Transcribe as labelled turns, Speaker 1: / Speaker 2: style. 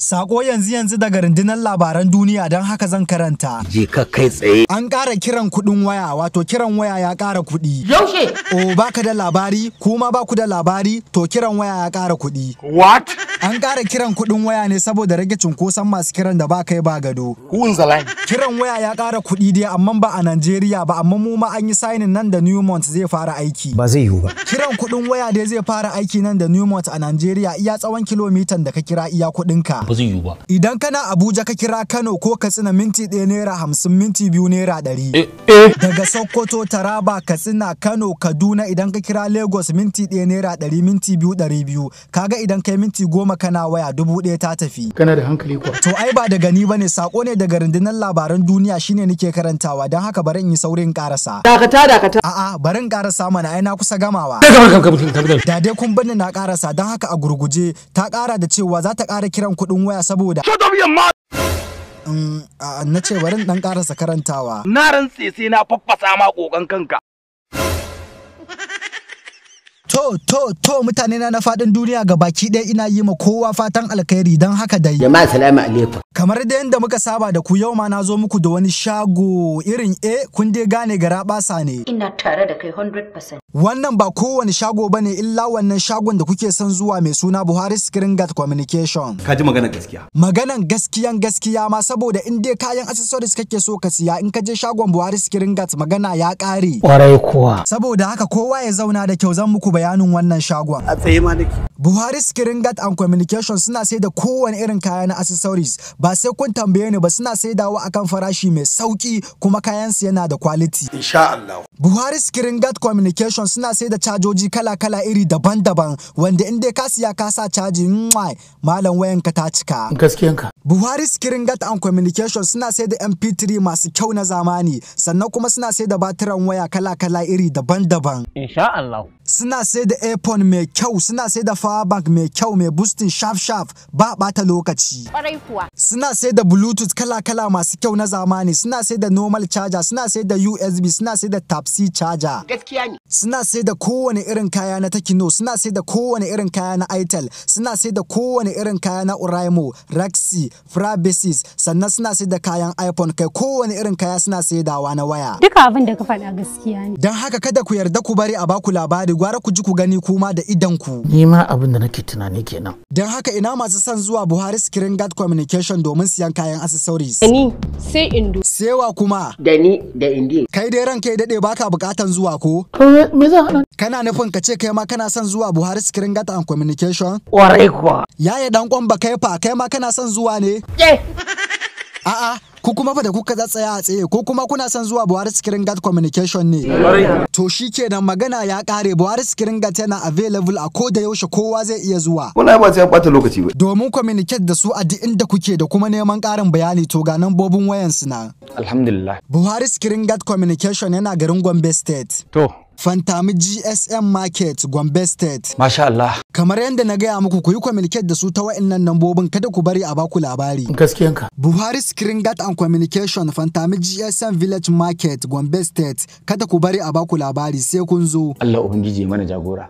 Speaker 1: Sako yanzu yanzu daga rundunar labaran duniya don haka zan karanta. Je ka kai tsaye. An ƙara kiran kuɗin waya wato kiran waya ya ƙara kuɗi. Yaushe? O baka da labari kuma baku da labari to kiran waya ya ƙara kuɗi. What? An ƙara kiran kuɗin waya ne saboda rage cunkoson masu kiran da ba kai ba gado. Who's Kiran waya ya ƙara kuɗi dai amma ba a Najeriya ba amma mu ma an yi sainin nan da Newmont zai fara aiki. Ba zai yiwu ba. Kiran kuɗin waya dai zai fara aiki nan da Newmont a Najeriya iya tsawon kilomitan da ka kira iya kuɗinka. ba zai yiwu ba idan kana abuja ka kira kano ko katsina minti ɗaya naira hamsin minti biyu naira ɗari eh, eh. daga sokoto taraba katsina kano kaduna idan ka kira lagos minti ɗaya naira ɗari minti biyu ɗari biyu kaga idan kai minti goma kana waya dubu ɗaya ta tafi kana da hankali kuwa to ai ba daga ni bane sako ne daga rundunar labaran duniya shine nake karantawa don haka bari in yi saurin karasa dakata dakata a'a bari in karasa mana ai na kusa gamawa da dai kun bani na karasa don haka a gurguje ta kara da cewa za ta kara kiran kuɗin kuɗin waya saboda na ce bari dan karasa karantawa na rantse sai na faffasa ma kokan kanka to to to mutane na na faɗin duniya ga baki ɗaya ina yi ma kowa fatan alkhairi don haka dai jama'a salamu alaikum kamar dai yadda muka saba da ku yau ma na zo muku da wani shago irin a kun dai gane gara ne ina tare da kai 100% Wannan ba kowane shago ba ne illa wannan shagon da kuke son zuwa mai suna Buhari Screen Guard Communication. Ka ji maganar gaskiya. Maganan gaskiyan gaskiya ma saboda in dai kayan accessories kake so ka siya in ka je shagon Buhari Screen Guard magana ya kare. Ƙwarai kuwa. Saboda haka kowa ya zauna da kyau zan muku bayanin wannan shagon. A tsaye ma nake. Buhari Screen Guard and Communication suna sai da kowane irin kaya na accessories ba sai kun tambaye ni ba suna saidawa akan farashi mai sauki kuma kayansu yana da quality. Insha Allah. Buhari Screen Guard Communication station suna sai da cajoji kala-kala iri daban-daban wanda in dai ka siya ka sa caji mwai malam wayan ka ta cika. ka. Buhari Skiringat and Communication suna sai da MP3 masu kyau na zamani sannan kuma suna sai da batiran waya kala-kala iri daban-daban. Insha Allah. suna sai da airphone mai kyau suna sai da power bank mai kyau mai boosting sharp sharp ba bata lokaci suna sai da bluetooth kala kala masu kyau na zamani suna sai da normal charger suna sai da usb suna sai da type c charger gaskiya ne suna sai da kowane irin kaya na tekino suna sai da kowane irin kaya na itel suna sai da kowane irin kaya na uraimo raxi frabesis sannan suna sai da kayan iphone kai kowane irin kaya suna saidawa na waya duka abin da ka faɗa gaskiya ne don haka kada ku yarda ku bari a baku labari gwara ku ji ku gani kuma da idan ku. Ni ma abin da nake tunani kenan. Don haka ina masu son zuwa Buhari Screen Guard Communication domin siyan kayan accessories. Ni sai Indo. Sewa kuma. Dani da Indi. Kai dai ranka ya dade baka bukatan zuwa ko? me zan Kana nufin ka ce kai ma kana son zuwa Buhari Screen Guard and Communication? Kwarai kuwa. Yaya dan ba kai fa kai ma kana son zuwa ne? Eh. A'a, ku kuma fa da kuka za tsaya a tsaye ko kuma kuna son zuwa Buhari screen guard Communication ne. To shi kenan magana ya kare Buhari screen guard yana available a ko da yaushe kowa zai iya zuwa. kuna ba sai bata lokaci ba. Domin communicate da su a duk inda kuke da kuma neman karin bayani to ga nan bobin wayan su na. Alhamdulillah. Buhari screen guard Communication yana garin Gombe State. To Fantami GSM Market Gombe State. Masha Allah. Kamar yadda na gaya muku ku yi communicate da su ta wa'annan nambobin kada ku bari a baku labari. Gaskiyanka. Buhari Screen Guard and Communication Fantami GSM Village Market Gombe State kada ku bari a baku labari sai kun zo. Allah Ubangiji mana jagora.